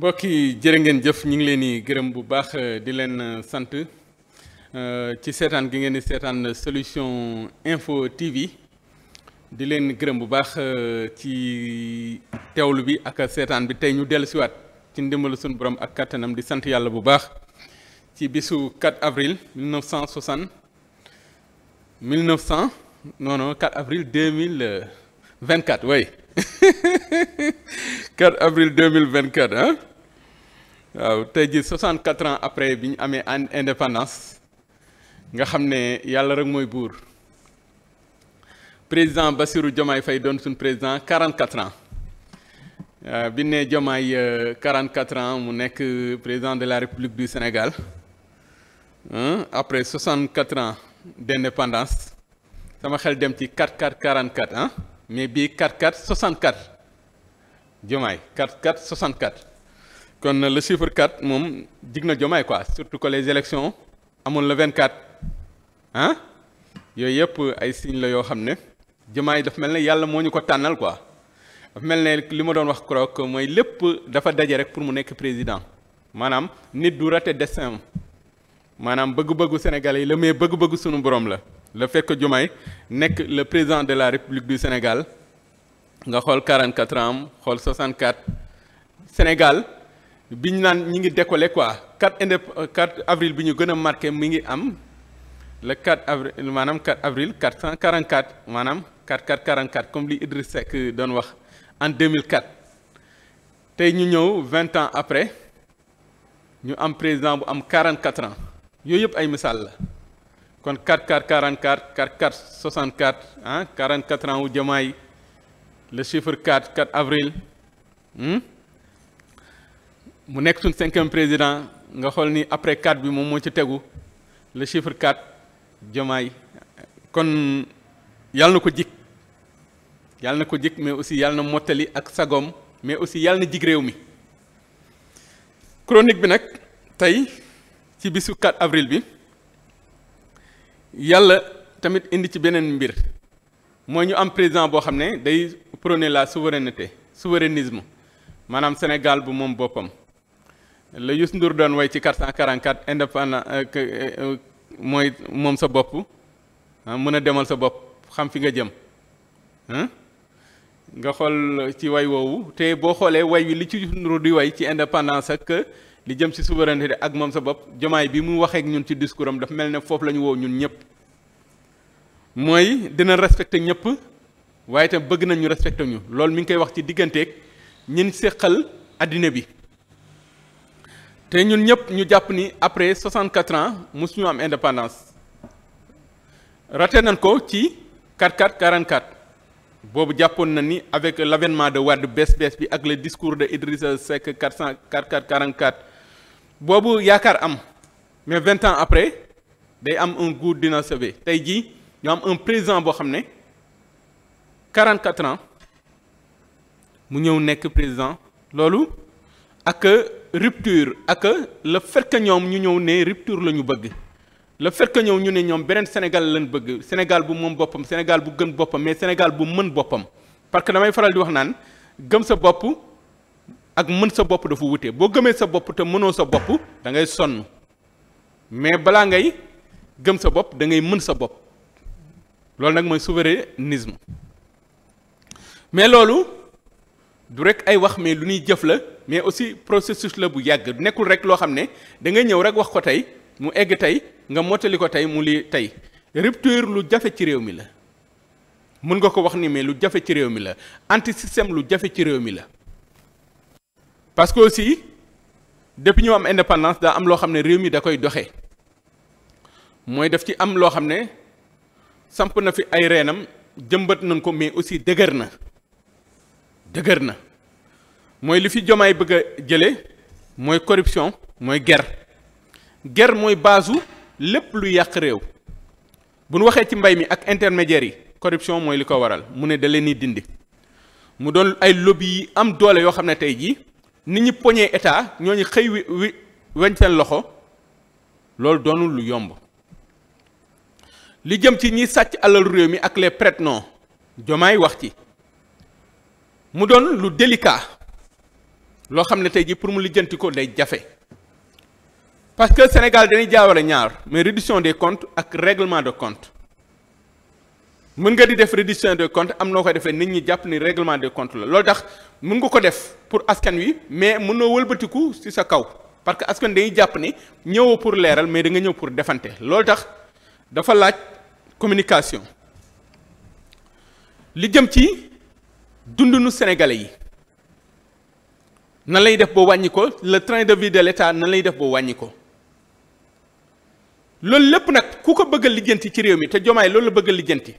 mbokk yi jërë ngeen jëf ñu ngi leen di gërëm bu baax euh, di leen euh, sant euh, ci seetaan gi ngeen di seetaan solution info TV di leen gërëm bu baax ci teewlu bi ak seetaan bi tey ñu dellu siwaat ci ndimbalu suñu borom ak kattanam di sant yàlla bu baax ci bisu 4 avril 1960 1900 non non 4 avril 2024 way 4 avril 2024 hein waaw tey jii 64 ans après bi ñu amee indépendance nga xam ne yàlla rek mooy buur président basiru Diomaye fay doon suñ président 44 ans euh, bi ne Diomaye 44 euh, ans mu nekk président de la République du Sénégal après 64 ans d'indépendance sama xel dem ci 4 4 44 ah mais bii 4 4 64 Diomaye 4 4 64. kon le chiffre 4 moom jig na jomaay quoi surtout que les élections la vingt 24 ah yooyu yëpp ay signes la yoo xam ne jomaay dafa mel ne yàlla moo ñu ko tànnal quoi dafa mel na li ma doon wax krok mooy lépp dafa daje rek pour mu nekk président maanaam nit du des destin maanaam bëgg bëgg sénégal yi la mais bëgg-bëggu sunu borom la le fekk que nekk le président de la République du Sénégal nga xool 44 ans xool 64 Sénégal biñ naan ñi ngi décollé quoi 4 indép 4 avril bi ñu gën a marqué mi ngi am le 4 avril maanaam 4 avril cent quarant 444 maanaam 4444 comme li Idriss Seck doon wax en 2004 tey ñu ñëw 20 ans après ñu am président bu am quarant 44 ans yooyu yëpp ay misaal la kon quarant 4444 4464 ah 44 ans wu Diomaye le chiffre 4 4 avril. Hmm? mu nekk suñ cinquième président nga xool ni après 4 bi moom moo ci tegu le chiffre 4 Diomaye kon yàlla na ko jik yàlla na ko jik mais aussi yàlla na mottali ak sagoom mais aussi yàlla na jig réew mi chronique bi nag tey ci bisu 4 avril bi yàlla tamit indi ci beneen mbir mooy ñu am président boo xam ne day prôner la souveraineté souverainisme maanaam Sénégal bu moom boppam la Youssou Ndour doon way ci 444 indépendant euh, euh, mooy moom sa bopp ah, mën a demal sa bopp xam fi nga jëm nga xool ci waay woowu te boo xoolee way wi li ci Youssou Ndour di way ci indépendance ak euh, li jëm ci souveraineté ak moom sa bopp jomaay bi mu waxeek ñun ci discours am dafa mel ne foofu la ñu woow ñun ñëpp mooy dina respecté ñëpp waaye itam bëgg nañ ñu respecté ñu loolu mi ngi koy wax ci digganteeg ñin séqal àddina bi te ñun ñëpp ñu jàpp ni après 64 ans mosuñu am indépendance rate nañ ko ci 44 44 boobu jàppoon na ni avec l' de Wade bés bees bi ak le discours de Idrissa Seck 400 44 44 boobu yaakaar am mais 20 ans après day am un dina d'inachevé tey jii ñu am un président boo xam ne 44 ans mu ñëw nekk président loolu. ak rupture ak la fait que ñoom ñu ñëw ne rupture la ñu bëgg la fait ñëw ñu ne ñoom beneen Sénégal lañ bëgg Sénégal bu moom boppam Sénégal bu gën boppam mais Sénégal bu mën boppam parce que damay faral di wax naan gëm sa bopp ak mën sa bopp dafa wute boo gëmee sa bopp te mënoo sa bopp da ngay sonn mais balaa ngay gëm sa bopp da ngay mën sa bopp loolu nag mooy souverainisme mais loolu du rek ay wax mais lu ñuy jëf la. mais aussi processus la bu yàgg nekkul rek loo xam ne da nga ñëw rek wax ko tey mu egg tey nga mottali ko tey mu li tey rupture lu jafe ci réew mi la mën nga ko wax ni mais lu jafe ci réew mi la anti système lu jafe ci réew mi la parce que aussi depuis ñu am indépendance daa am loo xam ne réew mi da koy doxe mooy daf ci am loo xam ne samp na fi ay reenam jëmbat nañ ko mais aussi dëgër na dëgër na mooy li fi jomaay bëgg jële mooy corruption mooy guerre guerre mooy baasu lépp lu yàq réew bu nu waxee ci mbay mi ak intermédiaires yi corruption mooy li ko waral mu ne da leen ni dindi mu doon ay lobby yi am doole yoo xam ne tey jii ni ñi poñee état ñooñu xëy wi wi weñ seen loxo loolu doonu lu yomb li jëm ci ñi sàcc alalu réew mi ak les prête-noms jomaay wax ci mu doon lu delika loo xam ne tey jii pour mu lijjanti ko day jafe parce que Sénégal dañuy jaawale ñaar mais reddition des comptes ak règlement de compte mën nga di def reddition des comptes am noo koy defee nit ñi jàpp ni règlement de comptes la loolu tax mën nga ko def pour askan wi mais mun noo wëlbatiku ci sa kaw parce que askan dañuy jàpp ni ñëwoo pour leeral mais danga ñëw pour defante loolu tax dafa laaj communication li jëm ci dundunu sénégalais yi nan lay def ba wàññi ko le train de vie de l'État nan lay def boo wàññi ko loolu lépp nag ku ko bëgg a lijjanti ci réew mi te jomaay loolu la bëgg lijjanti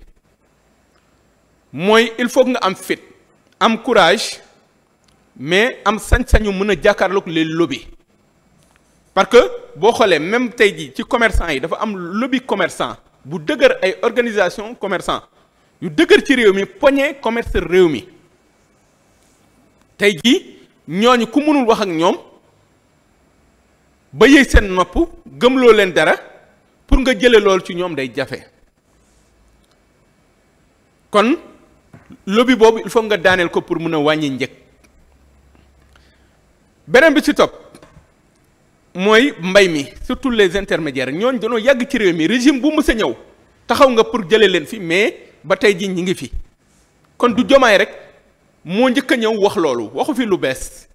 mooy il faut nga am fit am courage mais am sañ-sañu mën a jàkkaarloog les lobby parce que boo xoolee même tey jii ci commerçant yi dafa am lobby commerçant bu dëgër ay organisation commerçant yu dëgër ci réew mi poñe commerce réew mi tey jii ñooñu ku mënul wax ak ñoom ba seen nopp gëmloo leen dara pour nga jële lool ci ñoom day jafe kon lobby boobu il faut nga daaneel ko pour mën a wàññi njëg beneen bi ci topp mooy mbay mi surtout les intermédiaires ñooñ dañoo yàgg ci réew mi régime bu mës a ñëw taxaw nga pour jële leen fi mais ba tey ji ñi ngi fi kon du jomaay rek moo njëkk a ñëw wax loolu waxu fii lu bees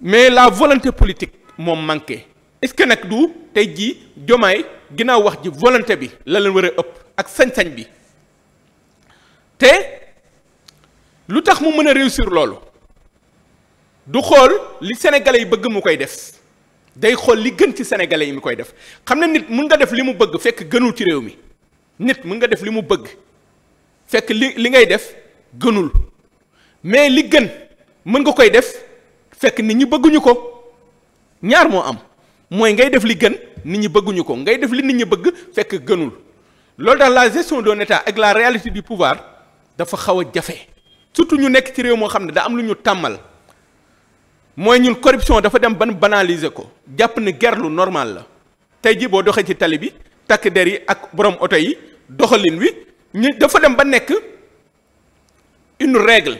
mais la volonté politique moom manqué est-ce que nag du tey jii jomaay ginnaaw wax ji volonté bi la leen war a ëpp ak sañ-sañ bi te lu tax mu mën a réussir loolu du xool li sénégalais yi bëgg mu koy def day xool li gën ci sénégalais yi mu koy def xam ne nit mun nga def li mu bëgg fekk gënul ci réew mi nit mën nga def li mu bëgg fekk li li ngay def gënul mais li gën mën nga koy def fekk nit ñi bëgguñu ko ñaar moo am mooy ngay def li gën nit ñi bëgguñu ko ngay def li nit ñi bëgg fekk gënul loolu daal la gestion d'un état ak la réalité du pouvoir dafa xaw a jafe surtout ñu nekk ci réew moo xam ne daa am lu ñu tàmmal mooy ñun corruption dafa dem ban banaliser ko jàpp ne gertlu normal la tey ji boo doxee ci tali bi takk der yi ak borom oto yi doxalin wi ñu dafa dem ba nekk une règle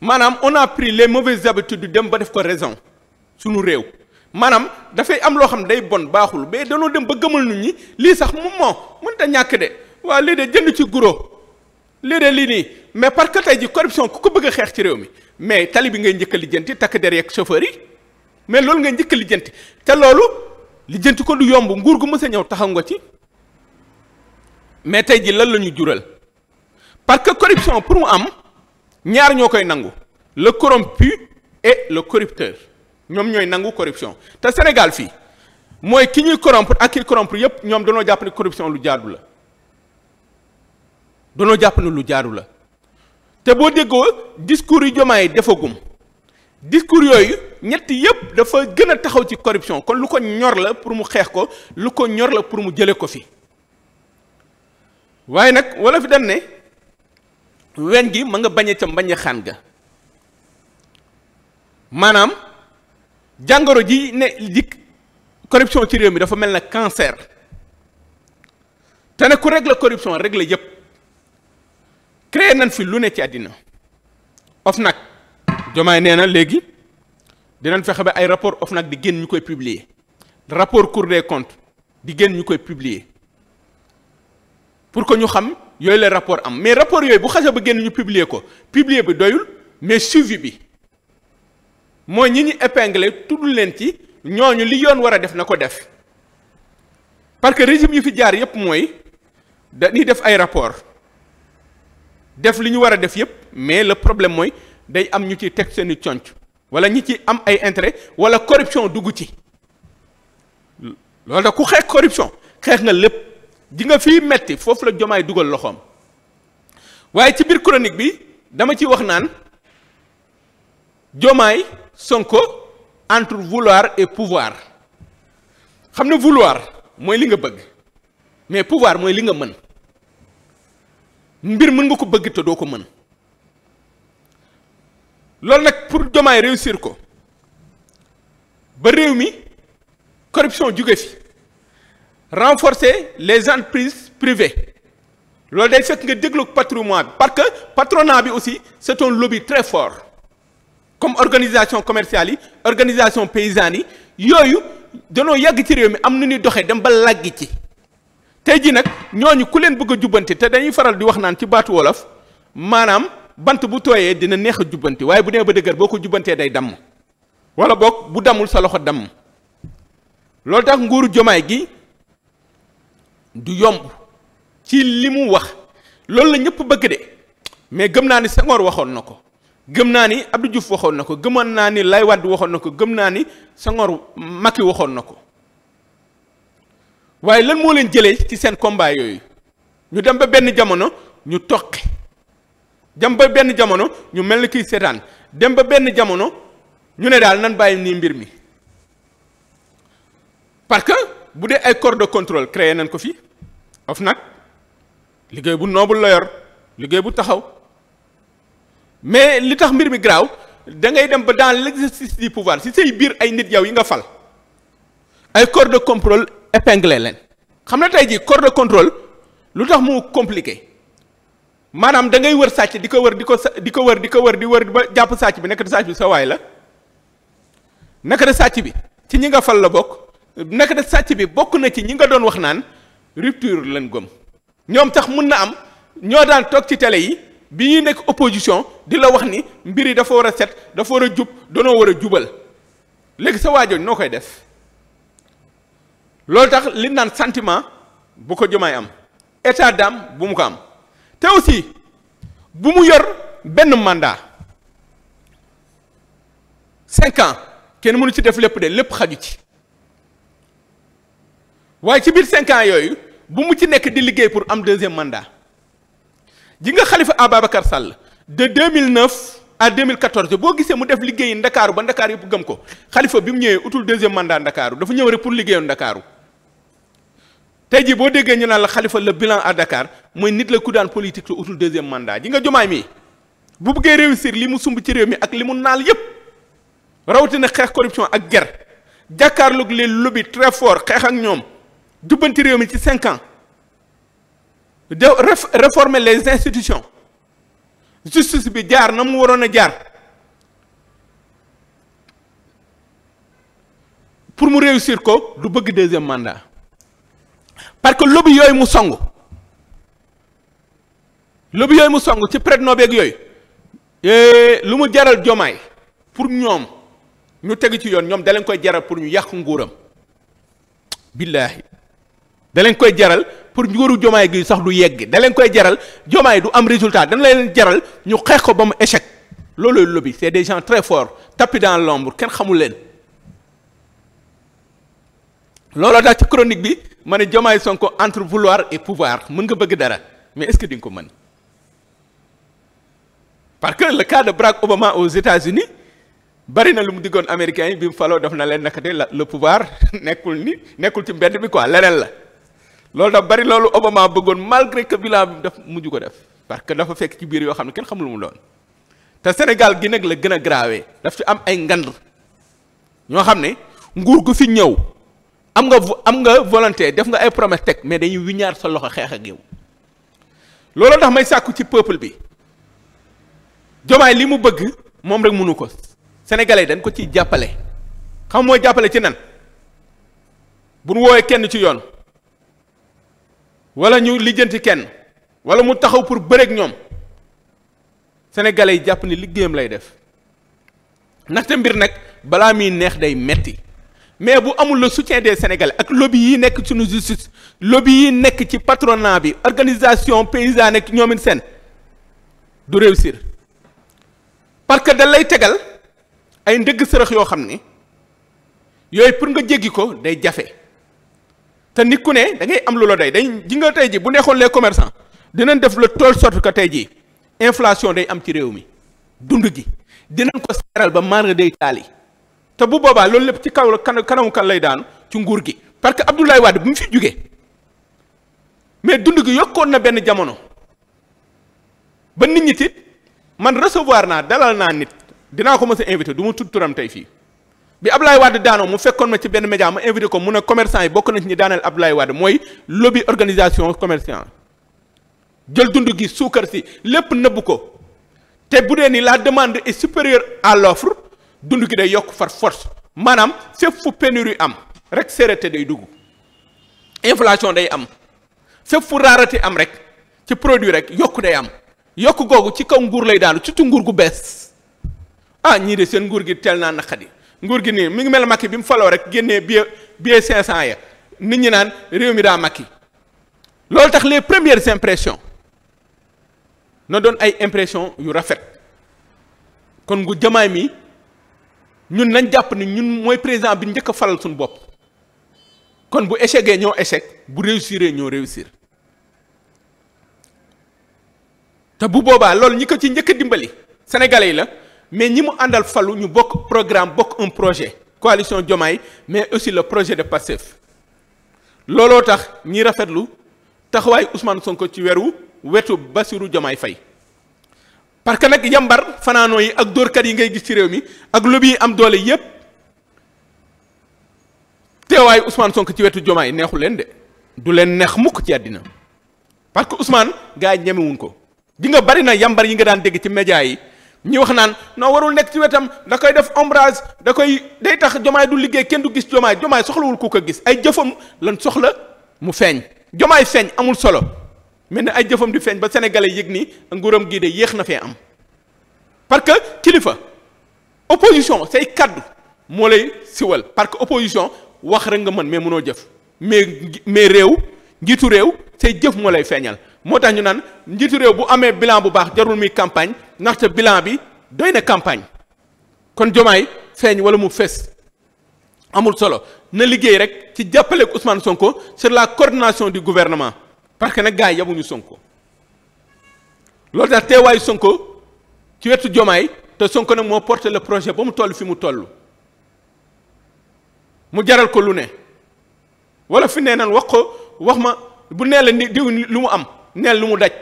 maanaam on a pris les mauvaises habitudes dem ba def ko raison sunu réew maanaam dafay am loo xam day bon baaxul mais danoo dem ba gëmal nu ñi lii sax moom moo mën mënta ñàkk de waa lii de jënd ci guro lii de lii nii mais parce que tey ji corruption ku ko bëgg a xeex ci réew mi mais tali bi ngay njëkk lijjanti takk der yeeg chauffeur yi mais loolu ngay njëkk lijjanti te loolu lijjanti ko du yomb nguur gu mësa ñëw taxaw nga ci. mais tey ji lan la ñu jural parce que corruption pour mu am ñaar ñoo koy nangu le corrompu et le corrupteur ñoom ñooy nangu corruption te Sénégal fii mooy ki ñuy corrompre ak ki corrompre yépp ñoom danoo jàpp ne corruption lu jaaru la danoo jàpp lu jaaru la te boo déggoo discours yu yi defagum discours yooyu ñett yépp dafa gën a taxaw ci corruption kon lu ko ñor la pour mu xeex ko lu ko ñor la pour mu jële ko fi waaye nag wala fi dan ne weñ gi ma nga bañe ca mbañe xaan ga maanaam jàngoro ji ne ji corruption ci réew mi dafa mel na cancer te ne ku régler corruption régler yépp créer nañ fi lu ne ci àddina nag jomaay nee na léegi dinañ fexe ba ay rapport OFNAC di génn ñu koy publier rapport Cour des comptes di génn ñu koy publier pour que ñu xam yooyu la rapport am mais rapport yooyu bu xasee ba génn ñu publier ko publier bi doyul mais suivi bi mooy ñi ñu épinglé tudd leen ci ñooñu li yoon war a def na ko def parce que régime yi fi jaar yépp mooy dañuy def ay rapport def li ñu war a def yépp mais la problème mooy day am ñu ci teg seeni conc wala ñi ci am ay intérêt wala corruption dugg ci loolu da ku xeex corruption xeex nga lépp ji nga fii metti foofu la jomaay dugal loxoom waaye ci biir chronique bi dama ci wax naan jomaay sonko entre vouloir et pouvoir xam ne vouloir mooy li nga bëgg mais pouvoir mooy li nga mën mbir mën nga ko bëgg te doo ko mën loolu nag pour jomaay réussir ko ba réew mi corruption juge fi renforcer les entreprises privées loolu day fekk nga déglu patrimoine bi parce que patronat bi aussi c'est un lobby très fort comme organisation commerciale yi organisation paysannes yi yooyu danoo yàgg ci réew mi am na ñuy doxee dem ba làgg ci tey jii nag ñooñu ku leen bëgg a jubbanti te dañuy faral di wax naan ci baatu wolof maanaam bant bu tooyee dina neex a jubbanti waaye bu nee ba dëgër boo ko jubbantee day damm wala boog bu damul sa loxo damm loolu tax nguuru jomaay gi du yomb ci li mu wax loolu la ñëpp bëgg de mais gëm naa ni Senghor waxoon na ko gëm naa ni abdu Diouf waxoon na ko gëmoon naa ni Lay Wade waxoon na ko gëm naa ni Senghor Macky waxoon na ko waaye lan moo leen jëlee ci seen combat yooyu ñu dem ba benn jamono ñu toqi dem ba benn jamono ñu mel ni kii seetaan dem ba benn jamono ñu ne daal nan bàyyi nii mbir mi parce que bu dee ay corps de contrôle créé nañ ko fi of nag liggéey bu noobul la yor liggéey bu taxaw mais li tax mbir mi graaw da dem ba dans l'exercice du si say biir ay nit yow yi nga fal ay corps de contrôle épinglé leen xam na tey ji corps de contrôle lu tax mu compliqué maanaam da ngay wër sàcc di ko wër di ko di ko wër di ko wër di wër ba jàpp sàcc bi naka da sàcc bi sa waay la naka da sàcc bi ci ñi nga fal la bokk naka da sàcc bi bokk na ci ñi nga doon wax naan rupture leen gëm ñoom tax mun na am ñoo daan toog ci télé yi bi ñuy nekk opposition di la wax ni mbir yi dafa war a set dafa war a jub danoo war a jubal léegi sa waajoon noo koy def loolu tax li naan sentiment bu ko jëmaay am état d'âme bu mu ko am te aussi bu mu yor benn mandat cinq kenn mënu ci def lépp de lépp xaju ci waaye ci biir cinq yooyu bu mu ci nekk di liggéey pour am deuxième mandat ji nga Khalifa Ababacar Sall de 2009 à 2014 boo gisee mu def liggéeyi ndakaaru ba ndakaaru yëpp gëm ko Khalifa bi mu ñëwee utul deuxième mandat ndakaaru dafa ñëw rek pour liggéeyoon ndakaaru tey jii boo déggee ñu naan la xalifa la bilan à ndakaar mooy nit la ku daan politique te utul deuxième mandat ji nga jomaay mii bu bëggee réussir li mu sumb ci réew mi ak li mu naal yépp rawatina xeex corruption ak ger jàkkaarloog les lobby très xeex ak ñoom. jubbanti réew mi ci cinq ans de réformer les institutions justice bi jaar na mu waroon a jaar pour mu réussir ko du bëgg deuxième mandat parce que lobby yooyu mu songu lobby yooyu mu songu ci prête noobeeg yooyu eh, lu mu jaral jomaay pour ñoom ñu teg ci yoon ñoom dalañ koy jaral pour ñu yàq nguuram billaahi da koy jaral pour nguuru jomaay gi sax du yegg da leen koy jaral jomaay du am résultat dana leen jaral ñu xeex ko ba mu échec loolooy lobby c'est des gens très forts tapis dans l'ombre kenn xamul leen looloo tax ci chronique bi ma ne jomaay Sonko entre vouloir et pouvoir mën nga bëgg dara mais est-ce que di nga ko mën parce que le cas de Barack Obama aux États-Unis bari na lu mu diggoon américains yi bi mu faloo def na leen naka de la le pouvoir nekkul ni nekkul ci mbedd bi quoi leneen la loolu tam bari loolu Obama bëggoon malgré que bilan bi daf mujj ko def parce que dafa fekk ci biir yoo xam ne kenn xam mu doon te Sénégal gi nag la gën a grave daf ci am ay ngand ñoo xam ne nguur gu fi ñëw am nga am nga volonté def nga ay promesse teg mais dañuy wiñaar sa loxo xeex ak yow looloo tax may sàkku ci peuple bi jomaay li mu bëgg moom rek mënu ko sénégalais dañ ko ciy jàppale xam mooy jàppale ci nan bu nu woowee kenn ci yoon wala ñu lijjanti kenn wala mu taxaw pour bëreek ñoom sénégalais yi jàpp ni liggéeyam lay def ndaxte mbir nag balaa muy neex day metti mais bu amul la soutien des sénégalais ak lobby yi nekk suñu justice lobby yi nekk ci patronat bi organisation paysanne ak ñoom it seen du réussir parce que da lay tegal ay ndëgg sërëx yoo xam ni yooyu pour nga jéggi ko day jafe te nit ku ne da ngay am lu la doy dañ ji nga tey ji bu neexoon les commerçants dinañ def le tol sorte que tey jii inflation day am ci réew mi dund gi dinañ ko seeral ba nga day taali te bu boobaa loolu lépp ci kaw la kan kanamu kan lay daanu ci nguur gi parce que Abdoulaye Wade bu mu fi jugee mais dund gi yokkoon na benn jamono ba nit ñi tit man recevoir naa dalal naa nit dinaa ko mës a invité du ma turam tey fii bi Abdoulaye Wade daanoo mu fekkoon ma ci benn média ma invité ko mu ne commerçant yi bokk na ci ñi daaneel Abdoulaye Wade mooy lobby organisation commerçant jël dund gi suukar si lépp nëbb ko te bu dee nii la demande et supérieur à l'offre dund gi day yokk far force maanaam fépp fu pénurie am rek séerété day dugg inflation day am fépp fu rareté am rek ci produit rek yokk day am yokk googu ci kaw nguur lay daanu surtout nguur gu bees ah ñii de seen nguur gi teel naa naqadi nguur gi nii mi ngi mel Macky bi mu faloo rek génnee billet billet 500 ya nit ñi naan réew mi daa Macky loolu tax les premières impressions na doon ay impression yu rafet kon ngu jamaay mi ñun nañ jàpp ni ñun mooy président bi njëkk a falal suñu bopp kon bu échecgee ñoo échec bu réussir ñoo réussir te bu boobaa loolu ñi ko ci njëkk dimbali sénégalais yi la. mais ñi mu àndal falu ñu bokk programme bokk un projet coalition Diomaye mais aussi le projet de Pastef looloo tax ñi rafetlu taxawaay Ousmane Sonko ci weru wetu Bassirou Diomaye Faye parce que nag yambar fanaanoo yi ak dóorkat yi ngay gis ci réew mi ak lobby am doole yépp teewaayu Ousmane sonk ci wetu Diomaye neexu leen de du leen neex mukk ci àddina parce que Ousmane gars yi ñemewuñ ko di nga bari na yambar yi nga daan dégg ci média yi ñi wax naan noo warul nekk ci wetam da koy def ombrage da koy day tax jomaay du liggéey kenn du gis jomaay jomaay soxlawul ku ko gis ay jëfam lan soxla mu feeñ jomaay feeñ amul solo mel ne ay jëfam di feeñ ba sénégalais yëg ni nguuram gii de yéex na fee am parce que kilifa opposition say kaddu moo lay siwal parce que opposition wax rek nga mën mais mënoo jëf mais mais réew njiitu réew say jëf moo lay feeñal moo tax ñu naan njiitu réew bu amee bilan bu baax jarul muy campagne ndaxte bilan bi doy na campagne kon jomaay feeñ wala mu fees amul solo na liggéey rek ci jàppaleeg Ousmane Sonko sur la coordination du gouvernement parce que nag gars yi yabuñu Sonko loolu tax teewaayu Sonko ci wetu jomaay te Sonko nag moo porté le projet ba mu toll fi mu tollu mu jaral ko lu ne wala fi nee nan wax ko wax ma bu nee la ni diw lu mu am neel lu mu daj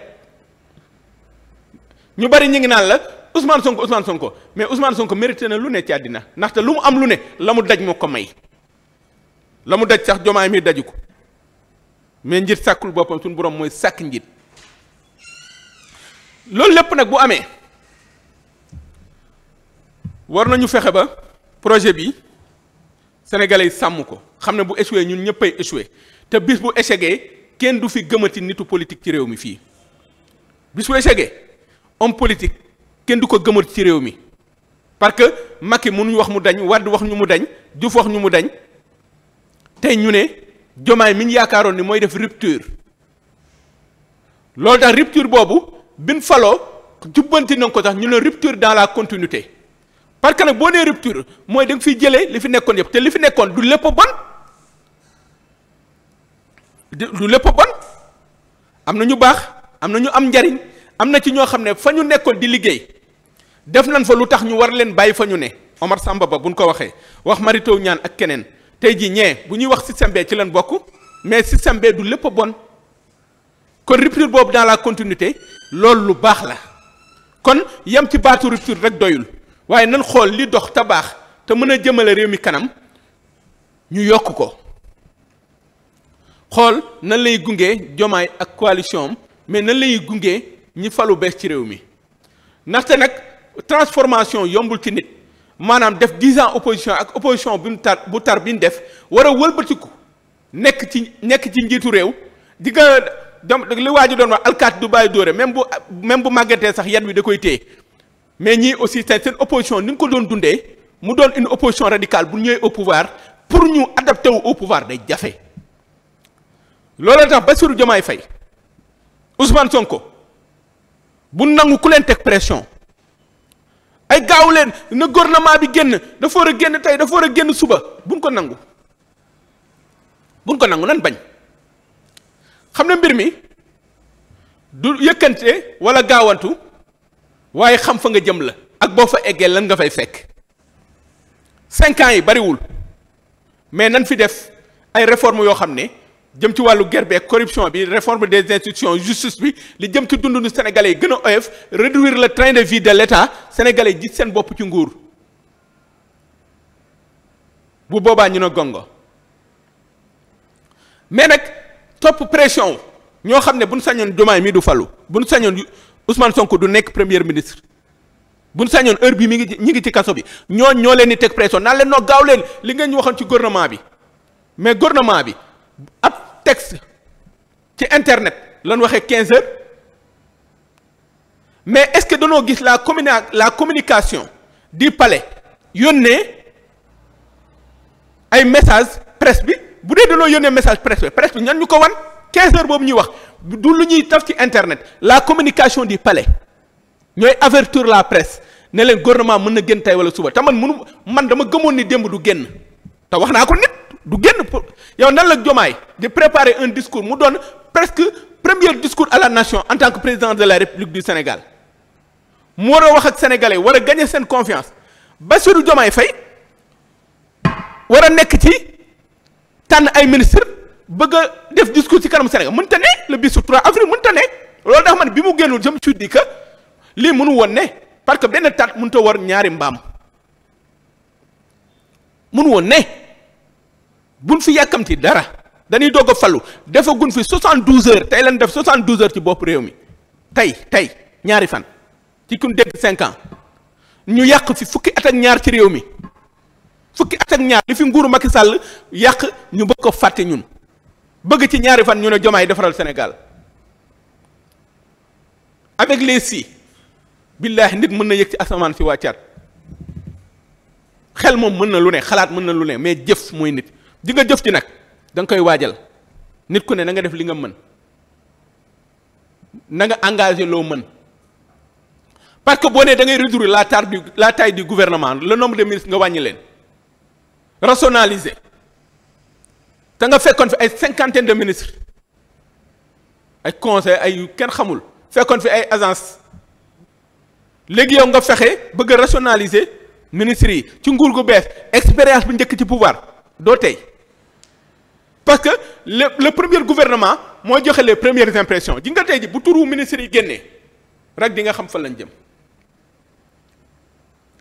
ñu bari ñu ngi naan la Ousmane Sonko Ousmane Sonko mais Ousmane Sonko mérité na lu ne ci àddina ndaxte lu mu am lu ne la mu daj moo ko may la mu daj sax jomaay mi daju ko mais njit sàkkul boppam suñu borom mooy sàkk njit loolu lépp nag bu amee war nañu fexe ba projet bi sénégalais sàmm ko xam ne bu échoué ñun ñëppay échoué te bis bu échegee kenn du fi gëmati nitu politique ci réew mi fii bis bu échegee homme politique kenn du ko gëmër ci réew mi parce que Macky mënuñu wax mu dañ Wade wax ñu mu dañ Diouf wax ñu mu dañ tey ñu ne jomaay mi ñu yaakaaroon ni mooy def rupture loolu tax rupture boobu bin faloo jubbanti na ko tax ñu ne rupture dans la continuité parce que nag boo nee rupture mooy da nga fiy jëlee li fi nekkoon yëpp te li fi nekkoon du lépp bon du lépp bon am na ñu baax am na ñu am njariñ am na ci ñoo xam ne fa ñu nekkoon di liggéey def nañ fa lu tax ñu war leen bàyyi fa ñu ne Omar Samba ba buñ ko waxee wax Mary Teuw Niane ak keneen tey jii ñee bu ñuy wax système ci leen bokk mais système du lépp a bon kon rupture boobu dans la continuité loolu lu baax la kon yem ci baatu rupture rek doyul waaye nan xool li dox te baax te mën a jëmale réew mi kanam ñu yokk ko xool nan lay gunge jomaay ak coalition mais nan lay gunge. ñi falu bees ci réew mi ndaxte nag transformation yombul ci nit maanaam def dix ans opposition ak opposition bi mu tar bu tar bi ñu def war a wëlbatiku nekk ci nekk ci njiitu réew di nga dem li waa doon wax alkaati du bàyyi dóore même bu même bu màggatee sax yan wi da koy téye mais ñii aussi tey seen opposition ni ñu ko doon dundee mu doon une opposition radicale bu ñëwee au pour ñu adapté wu au pouvoir day jafe. loolu tax Bassirou fay Faye Ousmane Sonko. bu nangu ku leen teg pression ay gaaw leen na gouvernement bi génn dafa war a génn tey dafa war a génn suba buñ ko nangu buñ ko nangu nan bañ xam na mbir mi du yëkkante walla gaawantu waaye xam fa nga jëm la ak boo fa eggee lan nga fay fekk cinq ans yi bariwul mais nan fi def ay réformes yoo xam ne jëm ci wàllu guerre bi ak corruption bi réforme des institutions justice bi li jëm ci dundu Sénégalais yi gën a oyof réduire le train de vie de l'État Sénégalais yi seen bopp ci nguur bu boobaa ñu ne gongo mais nag topp pression ñoo xam ne bun sañoon Diomaye mii du fallu bu ñu sañoon Ousmane Sonko du nekk premier ministre bu sañoon heure bi mi ngi ci ñi ngi ci kaso bi ñoo ñoo leen di teg pression naa leen noo gaaw leen li ngeen ñu waxoon ci gouvernement bi mais gouvernement bi texte ci internet lan waxee quinze heures mais est-ce que danoo gis la communi la communication di pale yónnee ay message presse bi bu dee danoo yónnee message presse bi presse ñan ñu ko wan quinze heures boobu ñuy wax du lu ñuy taf ci internet la communication du pale ñooy avertir la presse ne leen gouvernement mën na génn tey wala suba te man mënu man dama gëmoon ni démb du génn. te wax naa ko nit du génn pour yow nan la Diomaye di préparer un discours mu doon presque premier discours à la nation en tant que président de la République du Sénégal mu war a wax ak sénégalais war a gagner seen confiance sur Diomaye Faye war a nekk ci tànn ay ministre bëgg a def discours ci kanam Sénégal mënta ne le bisu 3 avril mënta ne loolu dax man bi mu génnul je me suis dit lii mënu woon ne parce que benn tat mënta war ñaari mbaam. mun woon ne buñ fi yàkkamti dara dañuy doog a falu defagun fi 72 heures tey lañ def 72 heures ci bopp réew mi tey tey ñaari fan ci kun dégg 5 ñu yàq fi fukki at ak ñaar ci réew mi fukki at ak ñaar li fi nguuru Macky Sall yàq ñu bëgg ko fàtte ñun bëgg ci ñaari fan ñu ne Diomaye defaral Sénégal avec les si billaahi nit mën na yëg ci asamaan si wàccaat xel moom mën na lu ne xalaat mën na lu ne mais jëf mooy nit di nga jëf ci nag danga koy waajal nit ku ne na nga def li nga mën na nga engagé loo mën parce que boo nee da ngay réduire la taille du la taille du gouvernement le nombre de ministres nga wàññi leen rationaliser te nga fekkoon fi ay cinquantaine de ministres ay conseil ay yu kenn xamul fekkoon fi ay agence léegi yow nga fexe bëgg a rationaliser. ministre yi ci nguur gu bees expérience bu njëkk ci pouvoir doo tey parce que le le premier gouvernement moo joxe les premières impressions ji nga tey ji bu turu ministre yi génnee rek di nga xam fan lañ jëm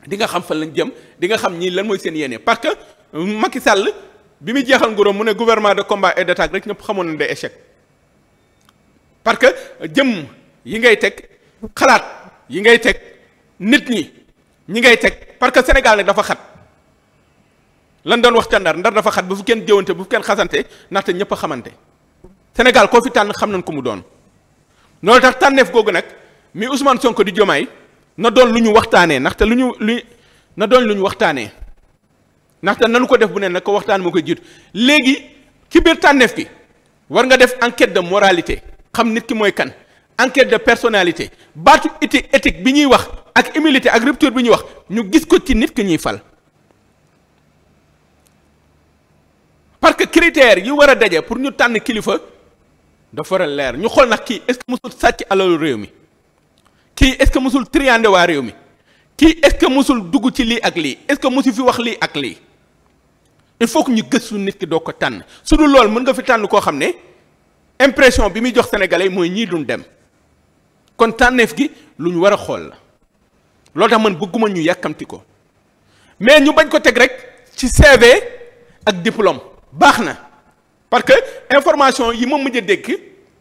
di nga xam fan lañ jëm di nga xam ñii lan mooy seen yéene parce que euh, Macky sàll bi muy jeexal nguuram mu ne gouvernement de combat et d'attaque rek ñëpp xamoon nañ de échec parce que jëm yi ngay teg xalaat yi ngay teg nit ñi. ñi ngay teg parce que Sénégal nag dafa xat lan doon wax ca ndar ndar dafa xat bu fu kenn jëwante bu fu kenn xasante ndaxte ñëpp a xamante Sénégal koo fi tànn xam nañ ko mu doon loolu tax tànneef googu nag mi Ousmane Sonko di jomaay na doon lu ñu waxtaanee ndaxte lu ñu lu na doon lu ñu waxtaanee ndaxte nanu ko def bu ne nag ko waxtaan moo ko jiitu léegi ci biir tànneef gi war nga def enquête de moralité xam nit ki mooy kan. enquete de personnalité baatu éthique éthique bi ñuy wax ak humilité ak rupture bi ñuy wax ñu gis ko ci nit ki ñuy fal parce que critères yi war a daje pour ñu tànn kilifa dafa war a leer ñu xool nag kii est-ce que musul sàcc alalu réew mi kii est-ce que musul triande waa réew mi kii est-ce que mosul dugg ci lii ak lii est-ce que musu fi wax lii ak lii il faut ñu gëstu nit ki doo ko tànn su dul loolu mën nga fi tànn koo xam ne impression bi muy jox sénégalais mooy ñii duñ dem kon tànneef gi lu ñu war a xool la loolu tax man bëgguma ñu yàkkamti ko mais ñu bañ ko teg rek ci CV ak diplôme baax na parce que information yi ma mujj a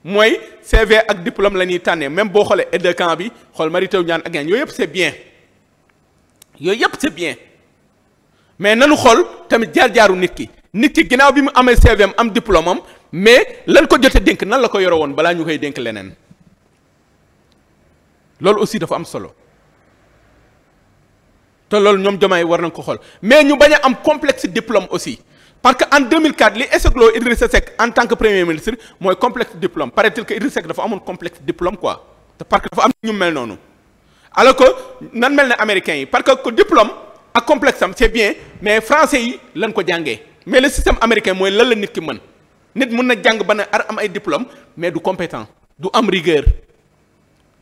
mooy CV ak diplôme la ñuy tànnee même boo xoolee aide de camp bi xool Mary Teuw Niane ak ñaan yooyu yëpp c'est bien yooyu yëpp c'est bien mais nanu xool tamit jaar-jaaru nit ki nit ki ginnaaw bi mu amee CV am am am mais lan ko jotee dénk nan la ko yore woon balaa ñu koy dénk leneen. loolu aussi dafa am solo te loolu ñoom Diomaye war nañ ko xool mais ñu bañ am complexe diplôme aussi parce que en 2004 li échecloo Idrissa Seck en tant que premier ministre mooy complexe diplôme paraît-il que Idrissa Seck dafa amoon complexe diplôme quoi te parce que dafa am ñu mel noonu alors que nan mel ne américains yi parce que ko diplôme ak complexe am c'est bien mais français yi lan ko jàngee mais le système américain mooy lan la nit ki mën nit mun na jàng ba ne ar am ay diplôme mais du compétent du am rigueur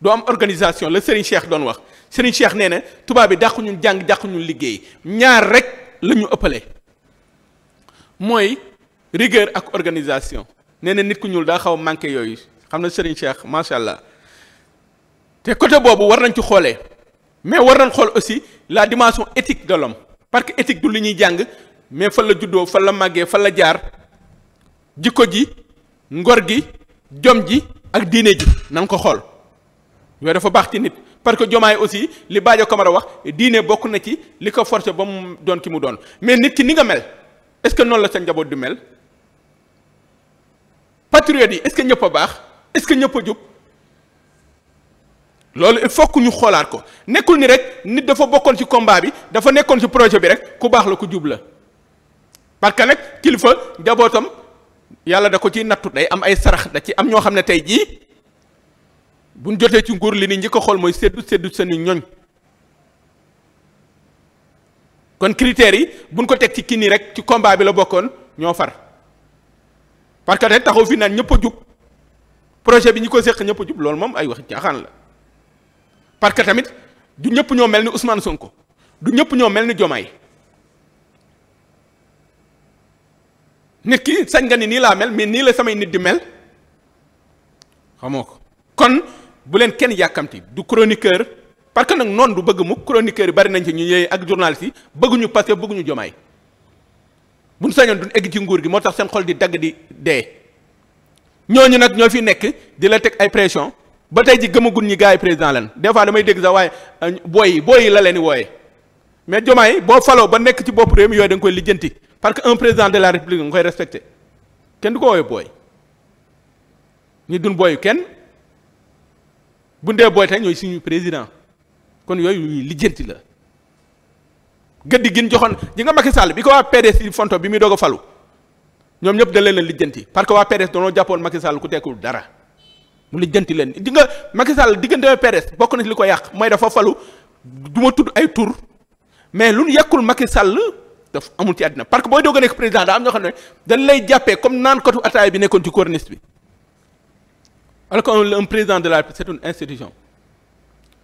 doo am organisation la Serigne Cheikh doon wax Serigne Cheikh nee na tubaab bi dàqu ñu jàng dàqu liggéey ñaar rek la ñu ëppale mooy rigueur ak organisation nee na nit ku ñuul daa xaw manqué yooyu xam na Serigne Cheikh macha allah te côté boobu war nañ ci xoolee mais war nañ xool aussi la dimension étique de l'homme parce que éthique du li ñuy jàng mais fan la juddoo fan la màggee fan la jaar jikko ji ngor gi jom ji ak diine ji nan ko xool. yooyu dafa baax ci nit parce que Diomaye aussi li Badio Camara wax diine bokk na ci li ko forcé ba mu doon ki mu doon mais nit ki ni nga mel est-ce que noonu la sa njaboot di mel patriote yi est-ce que ñëpp a baax est-ce que ñëpp a jub loolu it fokk ñu xoolaat ko nekkul ni rek nit dafa bokkoon ci combat bi dafa nekkoon ci projet bi rek ku baax la ku jub la parce que nag kilifa njabootam yàlla da ko ci nattu day am ay sarax da ci am ñoo xam ne tey jii. bu buñ jotee ci nguur li ni njëkk a xool mooy seddu seddu seenu ñoñ kon critères yi buñ ko teg ci kii nii rek ci combat bi la bokkoon ñoo far parce que rek taxaw fi naan ñëpp a jub projet bi ñu ko seq ñëpp jub lool moom ay waxi caaxaan la parce que tamit du ñëpp ñoo mel ni Ousmane Sonko du ñëpp ñoo mel ni Diomaye nit ki sañ nga ni nii laa mel mais nii la samay nit di mel xamoo ko kon. bu leen kenn yàkkamti du chroniqueur parce que nag noon du bëgg mu chroniqueur yi bari nañ ci ñu ñëwee ak journaliste yi bëgguñu Pastef bëgguñu jomaay buñ sañoon duñ egg ci nguur gi moo tax seen xol di dagg di dee ñu nag ñoo fi nekk di la teg ay pression ba tey ji gëmagun ñi gars yi président lan des fois damay dégg sax waaye euh, booy yi booy yi la leen di wooyee mais jomaay boo faloo ba nekk ci bopp réew mi yooyu da koy lijjanti parce que un président de la république nga koy respecté kenn du ko wooyee booy ñu kenn bu dee booy tey ñooy suñu président kon yooyu lijjanti la gëdd gin joxoon ji nga Macky Sall bi ko waa PDS yi fonto bi muy doog a falu ñoom ñëpp da leen leen lijjanti parce que waa PDS dañoo jàppoon Macky Sall ku tekkul dara mu lijjanti leen di nga Macky Sall diggante PDS bokk na ci li ko yàq mooy dafa falu du ma tudd ay tur mais lu nu yàqul Macky Sall daf amul ci àddina parce booy doog a nekk président daa am ñoo xam ne dañ lay jàppee comme naan bi nekkoon ci corniche bi. alors qu'un président de la République c'est une institution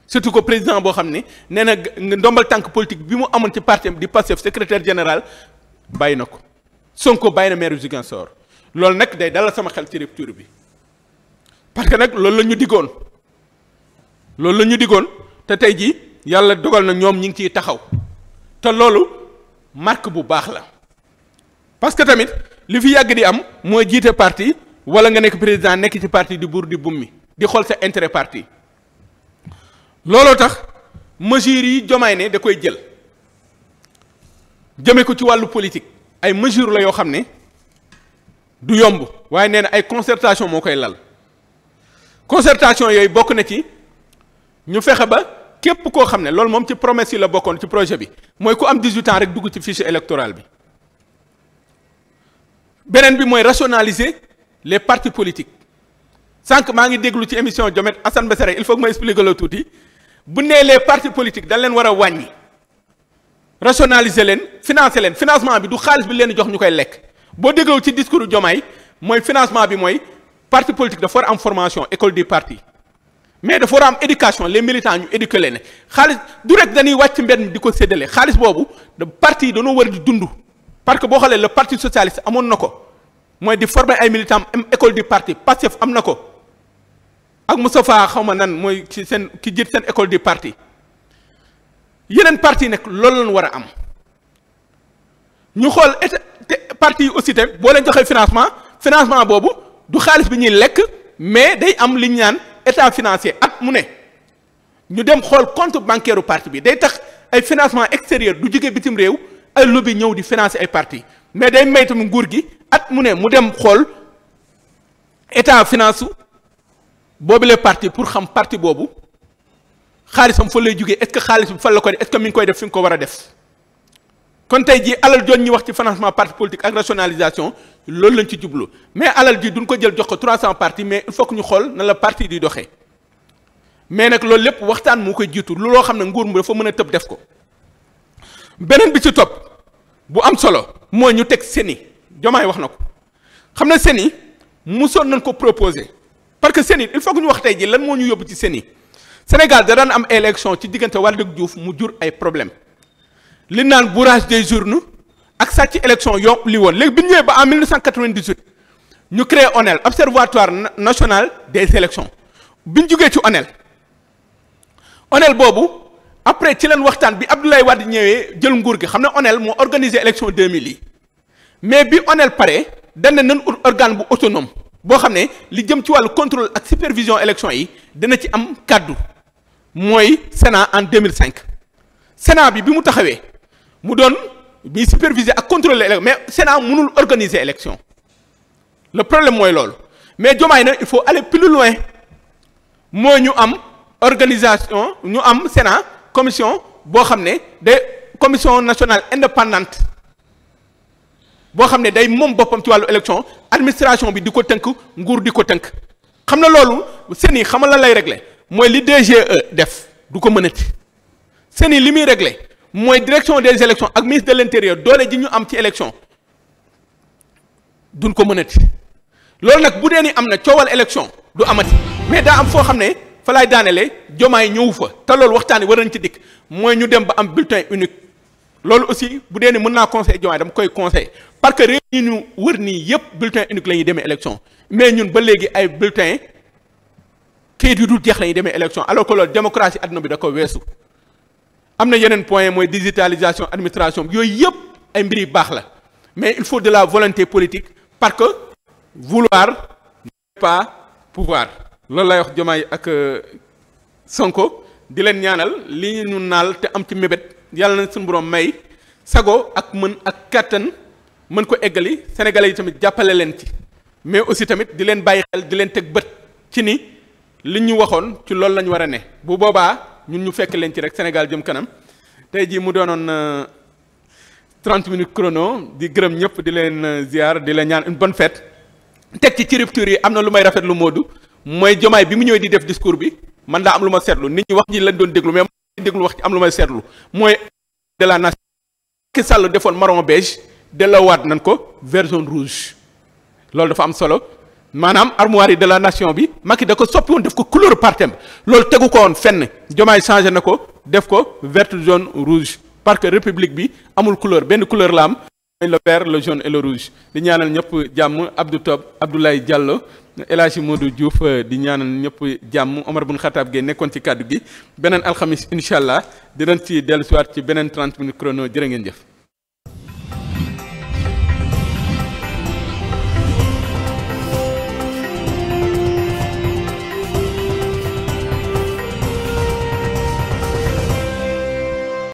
surtout ko président boo xam ni nee na ndombal tànk politique bi mu amoon ci parti di Pastef secrétaire général bàyyi na ko Sonko bàyyi na maire Ziguinchor loolu nag day dalal sama xel ci rupture bi parce que nag loolu la ñu diggoon loolu la ñu diggoon te tey jii yàlla dogal na ñoom ñi ngi ciy taxaw te loolu marque bu baax la parce que tamit li fi yàgg di am mooy jiite parti wala nga nekk président nekk ci parti du buur di bummi di xool sa intérêt parti looloo tax mesures yi jomaay ne da koy jël jëme ko ci wàllu politique ay mesures la yoo xam ne du yomb waaye nee na ay concertation moo koy lal concertation yooyu bokk na ci ñu fexe ba képp koo xam ne loolu moom ci promesse yi la bokkoon ci projet bi mooy ku am 18 ans rek dugg ci fichier électoral bi beneen bi mooy rationaliser les partis politique sànq maa ngi déglu ci émission Jomet assan Besseré il faut que ma explique la tuuti bu nee les partis politiques dañ leen war a wàññi rationaliser leen financer leen financement bi du xaalis bi leen jox ñu koy lekk boo dégloo ci discours Jomaay mooy financement bi mooy parti politique dafa war am formation école du parti mais dafa war am éducation les militants ñu éduquer leen xaalis du rek dañuy wàcc mbedd mi di ko séddale xaalis boobu da parti yi war di dund parce que boo xoolee le parti socialiste amoon na ko. mooy di former ay militants am école du parti Pastef am na ko ak Moustapha xaw ma nan mooy ci seen ki jiit seen école du parti yeneen parti nag loolu lañ war a am ñu xool état parti yi aussi tamit boo leen joxee financement financement boobu du xaalis bi ñuy lekk mais day am li ñu naan état financier at mu ne ñu dem xool compte bancaire partie bi day tax ay financement extérieur du jóge bitim réew ay lobby ñëw di financer ay partie mais day may tamit nguur gi at mu ne mu dem xool état finance boobu le parti pour xam parti boobu xaalisam fa lay jógee est-ce que xaalis bi fan la ko def est-ce mi ngi koy def fi nga ko war a def kon tey jii alal joon ñi wax ci financement parti politique ak rationalisation loolu lañ ci jublu mais alal ji duñ ko jël jox ko 300 parti mais il faut que ñu xool na la parti di doxee mais nag loolu lépp waxtaan moo koy jiitu lu loo xam ne nguur mu dafa mën a tëb def ko beneen bi ci topp bu am solo mooy ñu teg seni Diomaye wax na ko xam ne CENI musoon nañ ko proposer parce que seni il faut que ñu wax tey ji lan moo ñu yóbbu ci CENI Sénégal dadaan am élection ci diggante Wade Diouf mu jur ay problème li naan bourrage des urnes ak sàcc élection yo li woon léegi bi ñu ñëwee ba en 1998 ñu créé ONEL observatoire national des élections bi ñu ci ONEL ONEL boobu. après ci leen waxtaan bi Abdoulaye Wade ñëwee jël nguur gi xam ne ONEL moo organisé élection 2000 yi mais bi ONEL pare dañ ne nan organe bu autonome boo xam ne li jëm ci wàllu contrôle ak supervision élection yi dina ci am kàddu mooy Sénat en 2005 Sénat bi bi mu taxawee mu doon bi superviser ak contrôler élection mais Sénat mënul organiser élection le problème mooy loolu mais Diomaye na il faut ale plus loin moo ñu am organisation ñu am Sénat commission boo xam ne day commission nationale indépendante boo xam ne day moom boppam ci wàllu élection administration bi di ko tënk nguur di ko tënk xam na loolu CENI xamal la lay regle mooy li DGE def du ko mënati CENI li muy regle mooy direction des élections ak ministre de l'intérieur doole ji ñu am ci élection duñ ko mënati loolu nag bu dee ni am na coowal élection du amati mais daa am foo xam ne. fa laay daanelee jomaay ñëw fa te loolu waxtaan war nañ ci dikk mooy ñu dem ba am bulletin unique loolu aussi bu dee ni mën naa conseil jomaay dama koy conseil par que réew yi ñu wër nii yëpp bulletin unique la ñuy demee élection mais ñun ba léegi ay bulletin kayit yu dul jeex la demee élection alors que loolu démocratie adduna bi da ko weesu am na yeneen point mooy digitalisation administration yooyu yëpp ay mbir yu baax la mais il faut de la volonté politique parce que vouloir n'est pas loolu lay wax Diomaye ak euh, Sonko di leen ñaanal li ñu naal te am ci mébét yàlla na suñu borom may sago ak mën ak kàttan mën ko eggali sénégalais yi tamit jàppale leen ci mais aussi tamit di leen bàyyi xel di leen teg bët ci ni li ñu waxoon ci loolu lañu ñu war a ne bu boobaa ñun ñu fekk leen ci rek Sénégal jëm kanam tey jii mu doonoon 30 euh, minutes chrono di gërëm ñëpp di leen euh, ziar di leen ñaan une fet fête teg ci ci rupture yi am na lu may rafet lu Modou mooy jomaay bi mu ñëwee di def discours bi man daa am lu ma seetlu nit ñi wax ji lañ doon déglu mais ma déglu wax am lu may seetlu mooy de la nation ki sàll defoon marron beige delloowaat nañ ko vert jaune rouge loolu dafa am solo maanaam armoire yi de la nation bi ma Macky da ko soppi woon def ko couleur partem loolu tegu ko woon fenn jomaay changé na ko def ko vert jaune rouge parce que république bi amul couleur benn couleur la am mooy le vert le jaune et le rouge di ñaanal ñëpp jàmm Abdou Top El Hadji Modou Diouf euh, di ñaanal ñëpp jàmm Omar bun Xataab Gueye nekkoon ci kàddu gi beneen alxamis incha allah dinañ ci dellusiwaat ci beneen 30 minutes chrono jërë ngeen jëf.